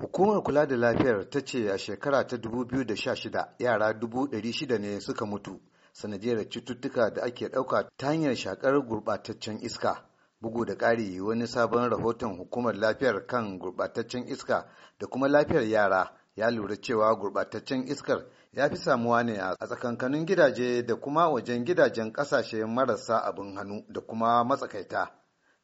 Hukumar kula da lafiyar ta ce a shekara ta 2016 yara 600 ne suka mutu sanadiyar cututtuka da ake ɗauka ta hanyar shakar gurɓataccen iska. Bugu da ƙari wani sabon rahoton hukumar lafiyar kan gurɓataccen iska da kuma lafiyar yara ya lura cewa gurɓataccen iskar ya fi samuwa ne a tsakankanin gidaje da kuma wajen gidajen ƙasashe marasa abin hannu da kuma matsakaita.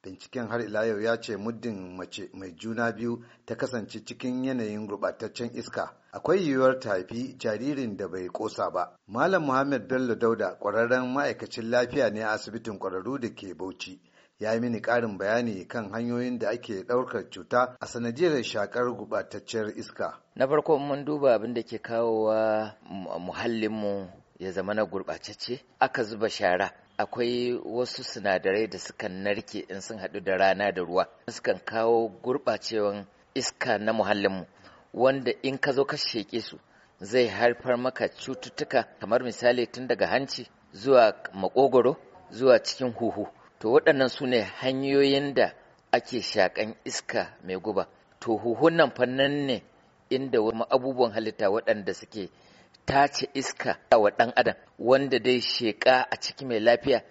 binciken har ila yau ya ce muddin mace mai juna biyu ta kasance cikin yanayin gurɓataccen iska akwai yiwuwar tafi jaririn da bai kosa ba malam muhammad bello dauda ƙwararren ma'aikacin lafiya ne a asibitin ƙwararru da ke bauchi ya yi mini ƙarin bayani kan hanyoyin da ake ɗaukar cuta a sanadiyar shakar gurɓatacciyar iska na farko mun duba abin da ke kawowa muhallinmu ya zama na gurɓacacce aka zuba shara akwai wasu sinadarai da sukan narke in sun haɗu da rana da ruwa sukan kawo gurɓacewan iska na muhallinmu wanda in ka zo ka sheƙe su zai haifar maka cututtuka kamar misali tun daga hanci zuwa makogoro zuwa cikin huhu to waɗannan su ne hanyoyin da ake shaƙan iska mai guba to huhun nan fannan ne inda abubuwan halitta waɗanda suke tace iska wa ɗan adam wanda dai sheƙa a ciki mai lafiya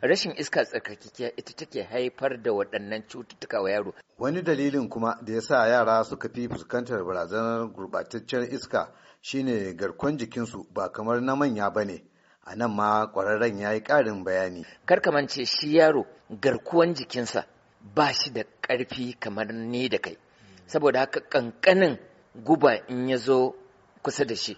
rashin iska tsarkakekiya ita take haifar da waɗannan cututtuka wa yaro wani dalilin kuma da ya sa yara suka fi fuskantar barazanar gurbataccen iska shine garkon jikinsu ba kamar na manya ba ne a nan ma ƙwararren ya yi ƙarin bayani kar ka shi yaro garkuwan jikinsa ba shi da ƙarfi kamar ni da kai hmm. saboda haka ƙanƙanin guba in ya zo kusa da shi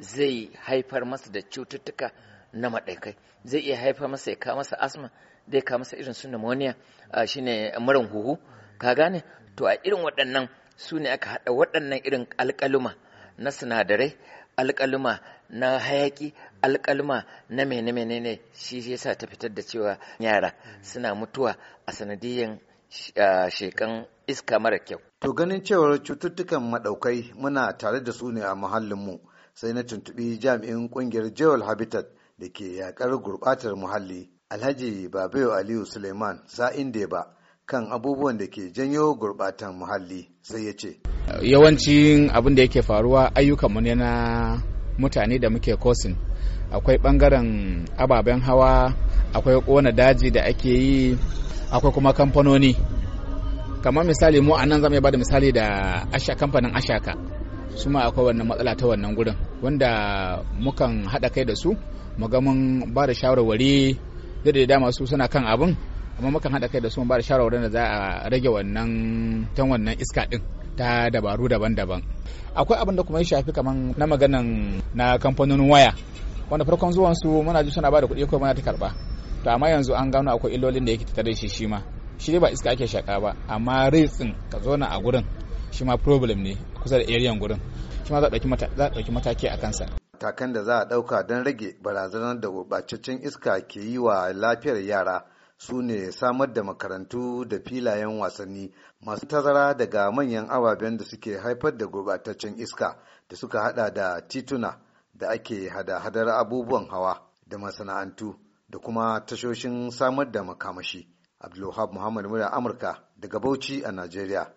zai haifar masa da cututtuka na maɗaikai zai iya haifar masa ya kawo masa asma zai kawo masa irin su pneumonia shine murin huhu ka gane to a irin waɗannan su ne aka haɗa waɗannan irin alƙaluma na sinadarai alƙaluma na hayaƙi alƙaluma na mene mene ne shi sa ta fitar da cewa yara suna mutuwa a sanadiyyan shekan iska mara kyau to ganin cewar cututtukan maɗaukai muna tare da su ne a muhallinmu sai na tuntuɓi jami'in ƙungiyar Jewel Habitat da ke yakar gurɓatar muhalli Alhaji Babayo Aliyu Suleiman sa'in da ba kan abubuwan da ke janyo gurɓatan muhalli sai ya ce. Yawancin abin da yake faruwa ayyukanmu ne na mutane da muke kosin akwai bangaren ababen hawa akwai ƙona daji da ake yi akwai kuma kamfanoni kamar misali mu a nan zama ya bada misali da kamfanin ashaka su ma akwai wannan matsala ta wannan gurin wanda mukan haɗa kai da su mu ga mun ba da shawarwari da da dama su suna kan abin amma mukan haɗa kai da su mu ba da shawarwarin da za a rage wannan tan wannan iska din ta dabaru daban-daban akwai abin da kuma ya shafi kaman na maganan na kamfanonin waya wanda farkon zuwan su muna ji suna ba da kuɗi ko muna ta karɓa to amma yanzu an gano akwai illolin da yake tattare shi shi ma shi ba iska ake shaka ba amma ritsin ka zo na a gurin shi ma problem ne kusa da area gurin shi ma za a ɗauki mataki a kansa matakan da za a ɗauka don rage barazanar da gurɓataccen iska ke yi wa lafiyar yara su ne samar da makarantu da filayen wasanni masu tazara daga manyan ababen da suke haifar da gurɓataccen iska da suka hada da tituna da ake hada-hadar abubuwan hawa da masana'antu da kuma tashoshin samar da makamashi. Abdulwahab Muhammad Mura Amurka daga Bauchi a nigeria.